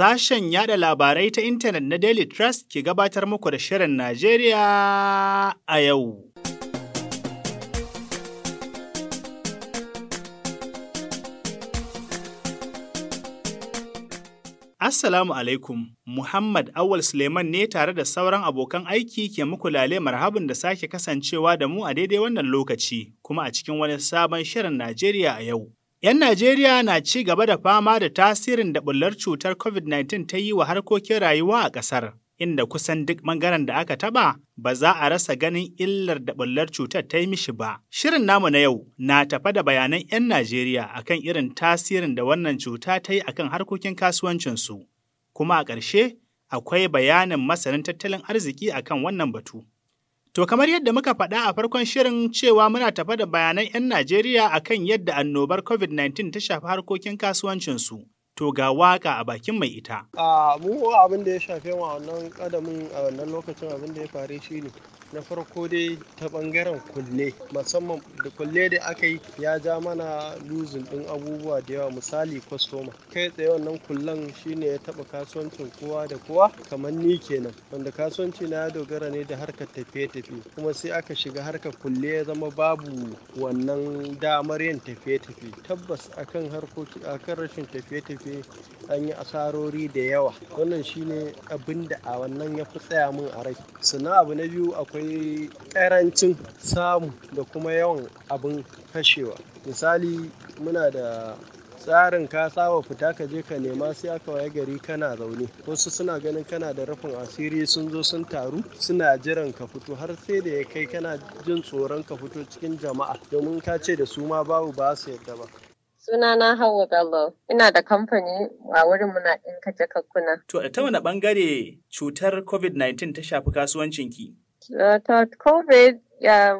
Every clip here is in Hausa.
Sashen yada labarai ta intanet na Daily Trust ke gabatar muku da Shirin Najeriya a yau. Assalamu alaikum, Muhammad Awal Suleiman ne tare da sauran abokan aiki ke muku lale marhabin da sake kasancewa da mu a daidai wannan lokaci, kuma a cikin wani sabon shirin Najeriya a yau. ‘Yan Najeriya na ci gaba da fama da tasirin da bullar cutar COVID-19 ta yi wa harkokin rayuwa a ƙasar, inda kusan duk ɓangaren da aka taɓa ba za a rasa ganin illar da bullar cutar ta yi mishi ba. Shirin namu na yau na tafa da bayanan ‘yan Najeriya akan irin tasirin da wannan cuta ta yi akan harkokin kasuwancinsu, kuma a ƙarshe akwai bayanin masanin tattalin arziki akan wannan batu. To kamar yadda muka faɗa a farkon shirin cewa muna tafa da bayanan 'yan Najeriya a kan yadda annobar COVID-19 ta shafi harkokin kasuwancinsu. To ga waka a bakin mai ita. A mu abin da ya shafe wa wannan kadamin a wannan lokacin abin da ya faru shi ne. na farko dai ta bangaren kulle musamman da kulle da aka yi ya ja mana luzin din abubuwa da yawa misali kwastoma kai tsaye wannan kullen shine ya taba kasuwancin kowa da kowa kamar ni kenan wanda kasuwanci na ya dogara ne da harkar tafiye-tafiye kuma sai aka shiga harkar kulle ya zama babu wannan damar yin tafiye-tafiye tabbas akan harkoki akan rashin tafiye-tafiye an yi asarori da yawa wannan shine abinda da a wannan ya fi tsaya min a rai sannan abu na biyu akwai akwai ƙarancin samu da kuma yawan abin kashewa misali muna da tsarin ka saba fita ka je ka nema sai aka waye gari kana zaune wasu suna ganin kana da rufin asiri sun zo sun taru suna jiran ka fito har sai da ya kai kana jin tsoron ka fito cikin jama'a domin ka ce da su ma babu ba su yadda ba sunana hawa galo ina da kamfani a wurin muna ɗinka kakkuna To ta wani ɓangare cutar COVID-19 ta shafi kasuwancinki? ta covid ya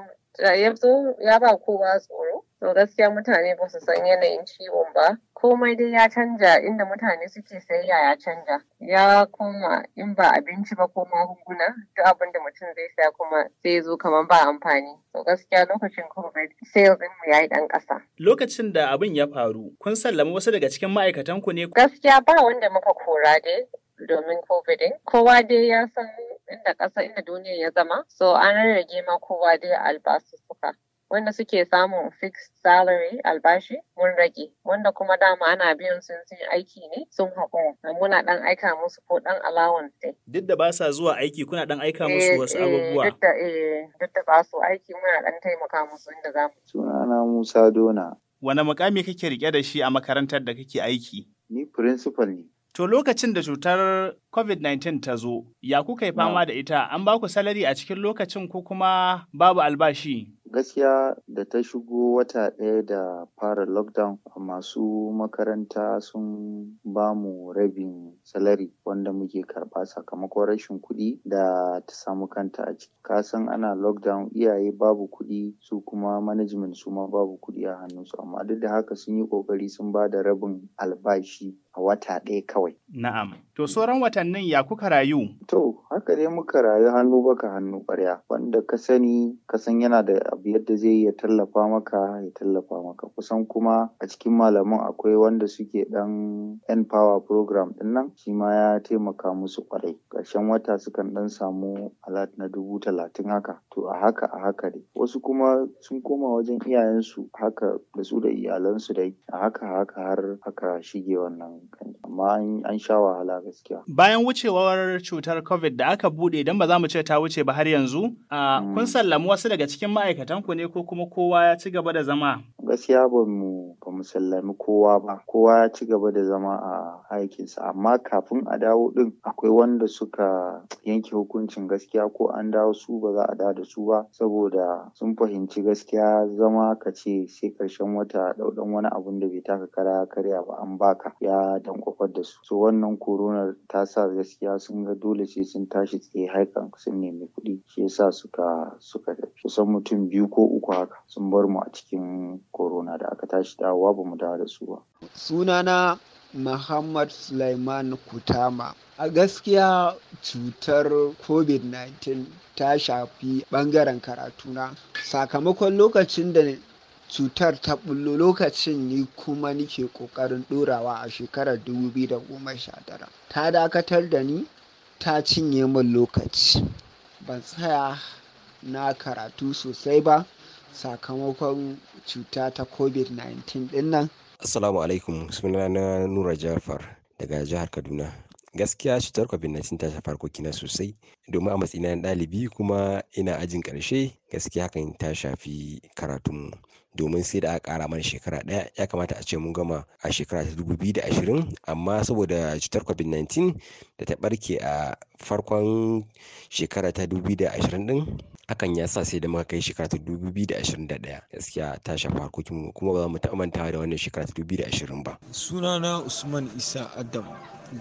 so, ya ba kowa tsoro to gaskiya mutane ba su san yanayin ciwon ba komai dai ya canja inda mutane suke sayayya ya canja ya koma in ba abinci ba ko magunguna duk abin da mutum zai saya kuma zai zo kamar ba amfani to gaskiya lokacin covid sales mu yayi dan ƙasa. lokacin da abin ya faru kun sallama wasu daga cikin ma'aikatan ku ne gaskiya ba wanda muka kora dai domin covid kowa dai ya san inda ƙasa inda duniya ya zama so an rarrage ma kowa dai albasussuka wanda suke samun fixed salary albashi mun rage wanda kuma dama ana biyan sun sun aiki ne sun haƙura muna dan aika musu ko dan allowance duk da ba sa zuwa aiki kuna dan aika eh, musu wasu eh, abubuwa duk da eh duk da ba su aiki muna dan taimaka musu inda za Suna sunana Musa Dona wane mukami kake rike da shi a makarantar da kake aiki ni principal ne To lokacin da cutar COVID-19 ta zo, ya kuka yi fama da ita, an ba ku salari a cikin lokacin ko kuma babu albashi? Gaskiya da ta shigo wata ɗaya da fara lockdown masu makaranta sun ba mu rabin salari wanda muke karɓa sakamakon rashin kuɗi da ta samu kanta a ciki. Kasan ana lockdown iyaye babu kuɗi su kuma management su ma babu kuɗi a hannunsu amma duk da haka sun yi ƙoƙari sun ba da rabin albashi wata ɗaya kawai. Na'am. To sauran watannin ya kuka rayu? To haka dai muka rayu hannu baka hannu ƙwarya wanda ka sani ka san yana da abu yadda zai ya tallafa maka ya tallafa maka kusan kuma a cikin malaman akwai wanda suke ɗan yan power program ɗin nan shi ma ya taimaka musu ƙwarai. Ƙarshen wata sukan ɗan samu alat na dubu talatin haka. To a haka a haka dai. Wasu kuma sun koma wajen iyayensu haka da su da iyalansu dai a haka haka har aka shige wannan amma an sha wahala gaskiya. Bayan wucewar cutar COVID da aka bude don ba za mu ce ta wuce ba har yanzu, kun hmm. sallami wasu daga cikin ma'aikatan ku ne ko kuma kowa ya ci gaba da zama? gaskiya ba mu ba sallami kowa ba kowa ya ci gaba da zama a aikinsa amma kafin a dawo din akwai wanda suka yanke hukuncin gaskiya ko an dawo su ba za a dawo da su ba saboda sun fahimci gaskiya zama ka ce sai karshen wata ɗauɗan wani abun da bai taka kara karya ba an baka ya dankwafar da su so wannan koronar ta sa gaskiya sun ga dole sai sun tashi tsaye haikan sun nemi kuɗi shi yasa suka suka tafi kusan mutum biyu ko uku haka sun bar mu a cikin corona da aka tashi dawowa ba mu dawo da su ba. Sunana Muhammad Sulaiman Kutama. A gaskiya cutar COVID-19 ta shafi ɓangaren karatuna. Sakamakon lokacin da cutar ta bullo lokacin ni kuma nike ƙoƙarin ɗorawa a shekarar 2019. Ta dakatar da ni ta cinye min lokaci. Ban tsaya na karatu sosai ba. sakamakon cuta ta covid-19 din nan? assalamu alaikum suna na nura jafar daga jihar kaduna gaskiya cutar covid-19 ta shafi harkokina sosai domin a matsayina na ɗalibi kuma ina ajin ƙarshe gaskiya hakan ta shafi karatunmu domin sai da aka ƙara mana shekara ɗaya ya kamata a ce mun gama a shekara ta dubu biyu da ashirin amma saboda cutar covid-19 da ta ɓarke a farkon shekara ta dubu biyu da ashirin ɗin hakan ya sa sai da muka kai shekara ta dubu biyu da ashirin da ɗaya gaskiya ta shafa harkokin mu kuma ba za mu taɓa mantawa da wannan shekara ta dubu biyu da ashirin ba. sunana usman isa adam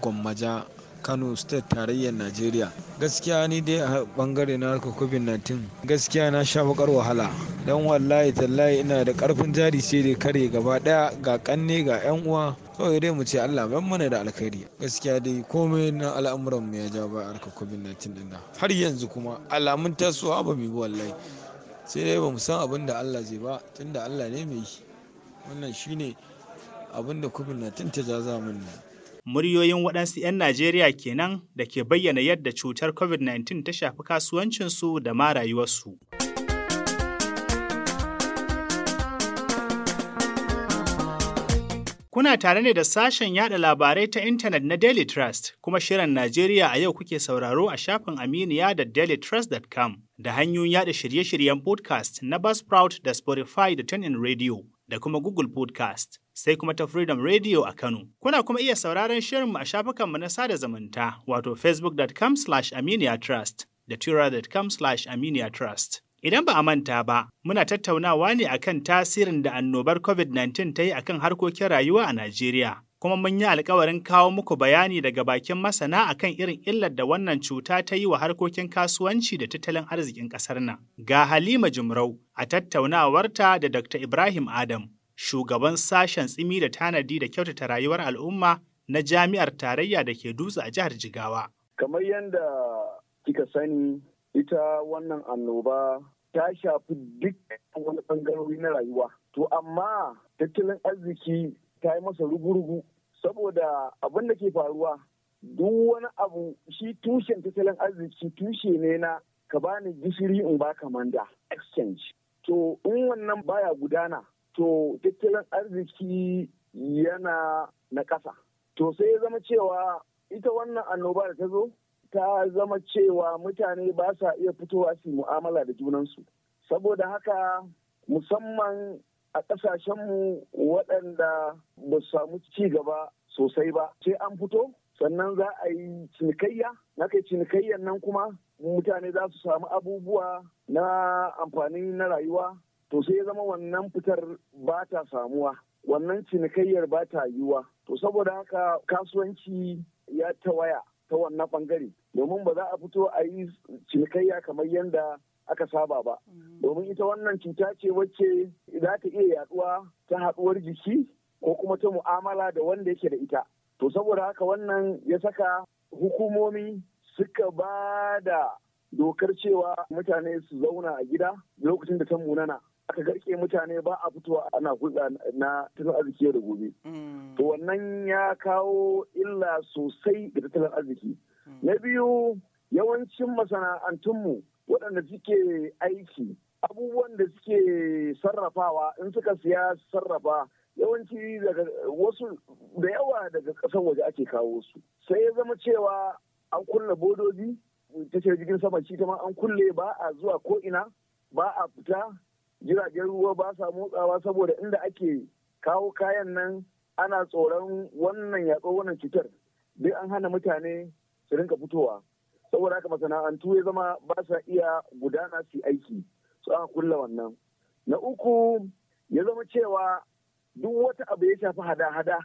gwammaja kano state tarayyar najeriya gaskiya ni dai a bangare na harkar covid-19 gaskiya na sha bakar wahala don wallahi tallahi ina da karfin jari sai dai kare gaba daya ga kanne ga yan uwa kawai dai mu ce allah ban mana da alkhairi gaskiya dai komai na al'amuran mu ya ja ba harkar covid-19 din har yanzu kuma alamun tasowa ba mu bi wallahi sai dai ba mu san abin da allah zai ba tunda allah ne mai wannan shine abin da covid-19 ta ja zamun nan Muryoyin waɗansu 'yan Najeriya kenan da ke bayyana yadda cutar COVID-19 ta shafi kasuwancinsu da ma rayuwarsu. Kuna tare ne da sashen yada labarai ta intanet na Daily Trust, kuma shirin Najeriya a yau kuke sauraro a shafin Aminiya da dailytrust.com da hanyoyin yada shirye-shiryen podcast na Buzzsprout da Spotify da TuneIn Radio da kuma Google Podcast. sai kuma ta Freedom Radio a Kano. Kuna kuma iya sauraron shirinmu a shafukanmu na sada zumunta wato facebookcom aminiatrust da twittercom aminiatrust Idan ba a manta ba, muna tattaunawa ne a kan tasirin da annobar COVID-19 ta yi a kan harkokin rayuwa a Najeriya. Kuma mun yi alkawarin kawo muku bayani daga bakin masana a kan irin illar da wannan cuta ta yi wa harkokin kasuwanci da tattalin arzikin ƙasar nan. Ga Halima Jumrau a tattaunawarta da Dr. Ibrahim Adam. shugaban sashen tsimi da tanadi da kyautata rayuwar al'umma na jami'ar tarayya da ke dutse a jihar Jigawa. Kamar yadda kika sani ita wannan annoba ta shafi duk wani bangarori na rayuwa. To amma tattalin arziki ta yi masa rugurugu. saboda abin da ke faruwa duk wani abu shi tushen tattalin arziki tushe ne na ka bani gishiri in baka manda exchange. To in wannan baya gudana to tattalin arziki yana na ƙasa. To sai ya zama cewa ita wannan annoba da ta zo ta zama cewa mutane ba sa iya fitowa su mu'amala da junansu. Saboda haka musamman a ƙasashenmu waɗanda ba su samu ci gaba sosai ba sai an fito sannan za a yi cinikayya na kai cinikayyan nan kuma mutane za su samu abubuwa na amfani na rayuwa to sai ya zama wannan fitar ba ta samuwa wannan cinikayyar ba ta yiwuwa to saboda haka kasuwanci ya tawaya ta wannan bangare domin ba za a fito a yi cinikayya kamar yadda aka saba ba mm. domin ita wannan cuta ce wacce za ta iya yaduwa ta haɗuwar jiki ko kuma ta mu'amala da wanda yake da ita to saboda haka wannan ya saka hukumomi suka ba da dokar cewa mutane su zauna a gida lokacin da ta munana aka garke mutane ba a fitowa ana hulɗa na tattalin arziki da gobe. Mm. To wannan ya kawo illa sosai ga tattalin arziki. Mm. Na biyu yawancin masana'antunmu waɗanda suke aiki abubuwan da suke sarrafawa in suka siya sarrafa yawanci daga wasu da yawa daga ƙasar waje ake kawo su. Sai ya zama cewa an kulle bodoji, tashar jirgin sama ci ta ma an kulle ba a zuwa ko ina ba a fita jiragen ruwa ba sa motsawa saboda inda ake kawo kayan nan ana tsoron wannan yaƙo wannan cutar duk an hana mutane su rinka fitowa saboda haka masana'antu ya zama ba sa iya gudana su aiki su aka kulla wannan na uku ya zama cewa duk wata abu ya shafi hada-hada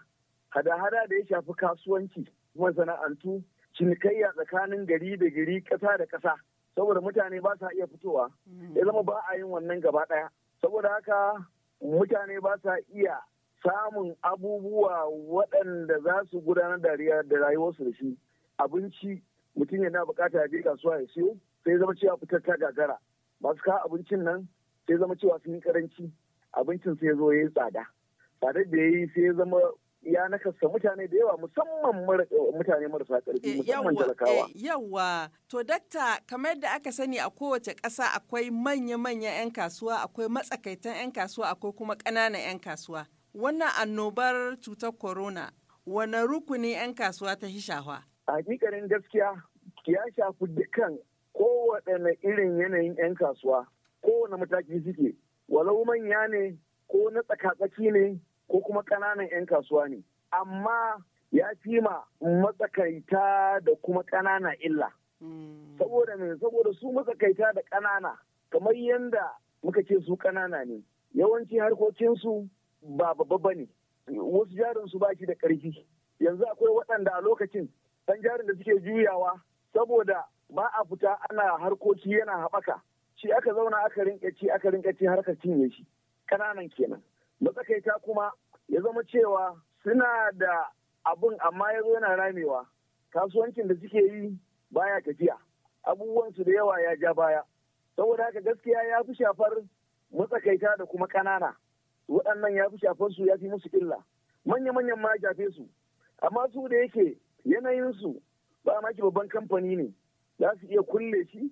hada-hada da ya shafi kasuwanci masana'antu cinikayya tsakanin gari da gari ƙasa da ƙasa saboda mutane ba sa iya fitowa mm. ya zama ba a yin wannan gaba ɗaya saboda haka mutane ba sa iya samun abubuwa waɗanda za su gudanar da rayuwarsu da shi abinci mutum yana bukata ya je kasuwa ya siyo sai zama cewa fitar ta gagara masu kawo abincin nan sai zama cewa sun yi karanci abincin sai zo ya yi tsada tsadar da ya yi sai zama ya nakasa mutane da yawa musamman mutane marasa ƙarfi eh, musamman talakawa. Eh, Yawwa, to dakta kamar da aka sani a kowace ƙasa akwai manya-manyan 'yan kasuwa, akwai matsakaitan 'yan kasuwa, akwai kuma ƙananan 'yan kasuwa. Wannan annobar cutar corona, wani rukuni 'yan kasuwa ta shafa? Hakikanin gaskiya ya shafi dukkan kowaɗanne irin yanayin 'yan kasuwa, kowane mataki suke, walau manya ne, ko na tsakatsaki ne, ko kuma ƙananan 'yan kasuwa ne amma ya fi ma matsakaita da kuma ƙanana illa hmm. saboda me saboda su matsakaita da ƙanana kamar yadda muka ce su ƙanana ne yawanci harkokinsu ba babba ba ne wasu jarinsu ba shi da ƙarfi yanzu akwai waɗanda a lokacin ɗan jarin da suke juyawa saboda ba a fita ana harkoki yana haɓaka shi aka zauna aka rinƙa ci aka rinƙa ci har cinye shi ƙananan kenan matsakaita kuma ya zama cewa suna da abun amma ya zo yana ramewa kasuwancin da suke yi baya tafiya abubuwansu da yawa ya ja baya saboda haka gaskiya ya fi shafar matsakaita da kuma ƙanana waɗannan ya fi shafar su ya fi musu illa manya-manyan ma shafe su amma su da yake yanayinsu ba maki babban kamfani ne za su iya kulle shi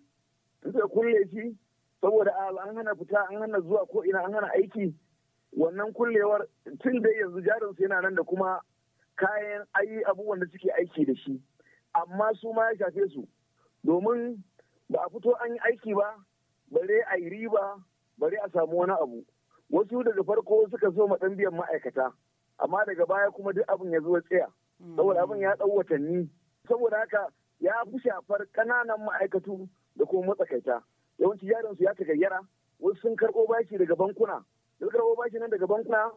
su kulle shi saboda an hana fita an hana zuwa ko ina an hana aiki wannan kullewar tun da yanzu jarinsu yana nan da kuma kayan ayi abubuwan da suke aiki da shi amma su ma ya shafe su domin ba a fito an yi aiki ba bare a yi riba bare a samu wani abu wasu daga farko suka so ɗan biyan ma'aikata amma daga baya kuma duk abin ya zo tsaya hmm. saboda abin ya ɗau watanni saboda haka ya fi shafar ƙananan ma'aikatu da kuma matsakaita yawanci jarinsu ya gayyara wasu sun karɓo bashi daga bankuna sun karɓo bashi nan daga bankuna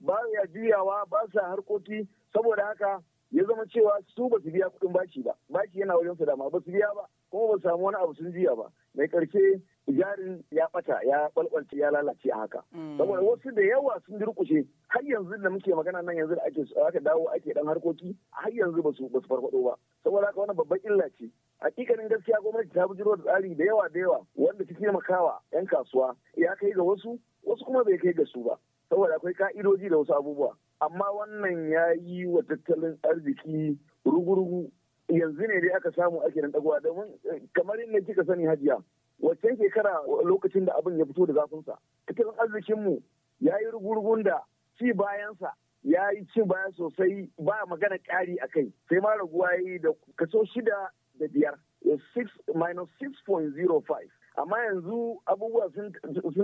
ba ya juyawa ba sa harkoki saboda haka ya zama cewa su ba su biya kuɗin bashi ba bashi yana wajen su dama ba su biya ba kuma ba samu wani abu sun jiya ba mai karshe jarin ya bata ya balbalce ya lalace a haka mm. saboda wasu da yawa sun durkushe har yanzu da muke magana nan yanzu da ake aka dawo ake dan harkoki har yanzu ba su farfado ba saboda haka wannan babban illa ce hakikanin gaskiya gwamnati ta bujiro da tsari da yawa da yawa wanda ta taimakawa yan kasuwa ya kai ga wasu wasu kuma bai kai ga su ba saboda akwai ka'idoji da wasu abubuwa amma wannan ya yi wa tattalin arziki rugurugu yanzu ne dai aka samu ake nan dagowa domin eh, kamar yadda kika sani hajiya wacce shekara lokacin da abin ya fito da zafin sa? tattalin arzikinmu ya yi rugurgun da ci bayansa ya yi ci baya sosai ba magana ƙari a kai sai ma raguwa ya yi da kaso shida da biyar 6 eh, minus 6.05 amma yanzu abubuwa sun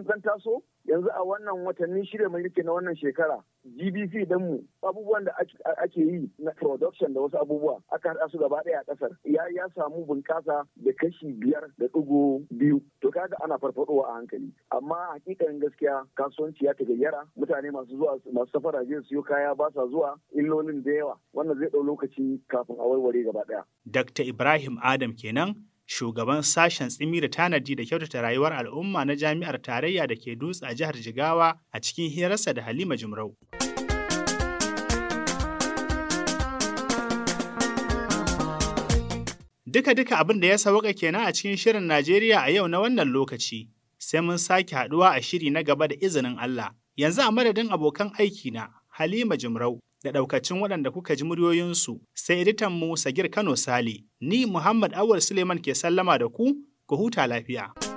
san taso yanzu a wannan watanni shirya mai rike na wannan shekara gbc mu abubuwan da ake yi na production da wasu abubuwa aka haɗa su gaba ɗaya a ƙasar ya samu bunƙasa da kashi biyar da ɗigo biyu to kaga ana farfadowa a hankali amma hakikan gaskiya kasuwanci ya tagayyara mutane masu zuwa masu safara zai siyo kaya ba sa zuwa illolin da yawa wannan zai ɗau lokaci kafin a warware gaba ɗaya. Dr. Ibrahim Adam kenan shugaban sashen tsimi da tanadi da kyautata rayuwar al'umma na jami'ar tarayya da ke dutse a jihar Jigawa a cikin hirarsa da Halima Jumrau. Duka-duka abin da ya sauka kenan a cikin shirin Najeriya a yau na wannan lokaci, sai mun sake haɗuwa a shiri na gaba da izinin Allah. Yanzu a madadin abokan aiki na Halima Jimrau da ɗaukacin waɗanda kuka ji muryoyinsu sai editanmu Sagir Kano Sale, ni Muhammad Awal Suleiman ke sallama da ku, ku huta lafiya.